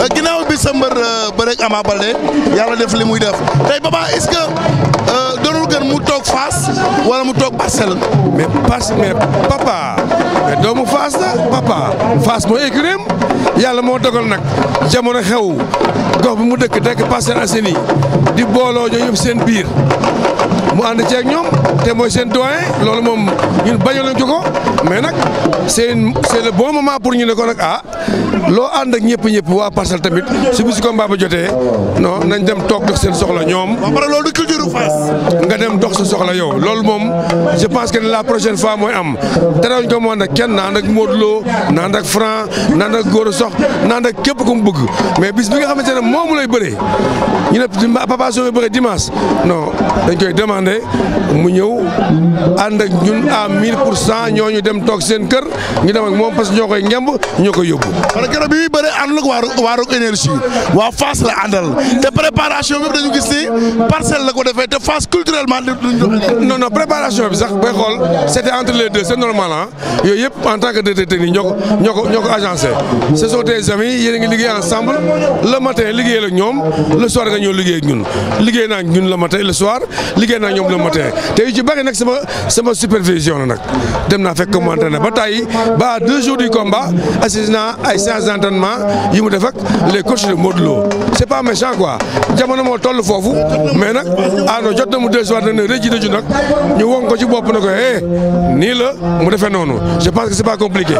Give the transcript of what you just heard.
Euh, ginnaaw bi sa mbër euh, bëreeg Ama Baldé yàlla def li muy def tey Papa est euh, doonul gën mu toog Fass wala mu toog Parcelles. mais parce mais Papa mais doomu Fass la Papa Fass mooy écuréem yàlla moo dogal nag jamono xew gox bi mu dëkk dekk Parcelles Assainies di booloo ñoo yëpp seen biir. mu ànd ceeg ñoom te mooy seen doyen loolu moom ñun bañaloon ko ko mais nag c'est c'est le bon moment pour ñu ne ko nag ah loo ànd ak ñëpp ñëpp waa parcelle tamit su bisu combat ba jotee non nañ dem toog dox seen soxla ñoom. loolu du sa soxla yow loolu moom je pense que ne la prochaine fois mooy am terewuñ ko moo nag kenn naan ak Modou Lo naan ak Franc naan ak Gora Sox naan ak képp ku mu bëgg mais bis bi nga xamante ne moom lay bëree ñu ne Papa Sow bëree dimanche non dañ koy demandé mu ñëw ànd ak ñun à 1000 pour cent ñooñu dem toog seen kër ñu dem ak moom parce que ñoo koy ngemb ñoo koy yóbbu. parce que keroog bi muy bëree àndul ak waa waa la àndal te préparation bi dañu gis face culturellement. non non préparation bi sax booy xool c' était entre les deux c' est normal ah en tant que directeur technique ñoo ko ñoo ko ñoo agencé. ce sont des amis liggéey ensemble le matin liggéeyal ak ñoom le soir nga ñëw liggéey ñun liggéey naa ñun la matin le soir liggéey naa ñoom le matin te yu ci bëri nag sama sama supervision la nag dem naa fekk mu entraîné ba tey ba deux jours du combat assisté naa ay séances d' entraînement yu mu def ak les coachs de Modou Lo c' est pas méchant quoi jamono moo toll foofu jot na mu dellusiwaat na ne rëcc rëccu nag ñu won ko ci bopp na ko eh nii la mu defee noonu je pense que c'est pas compliqué.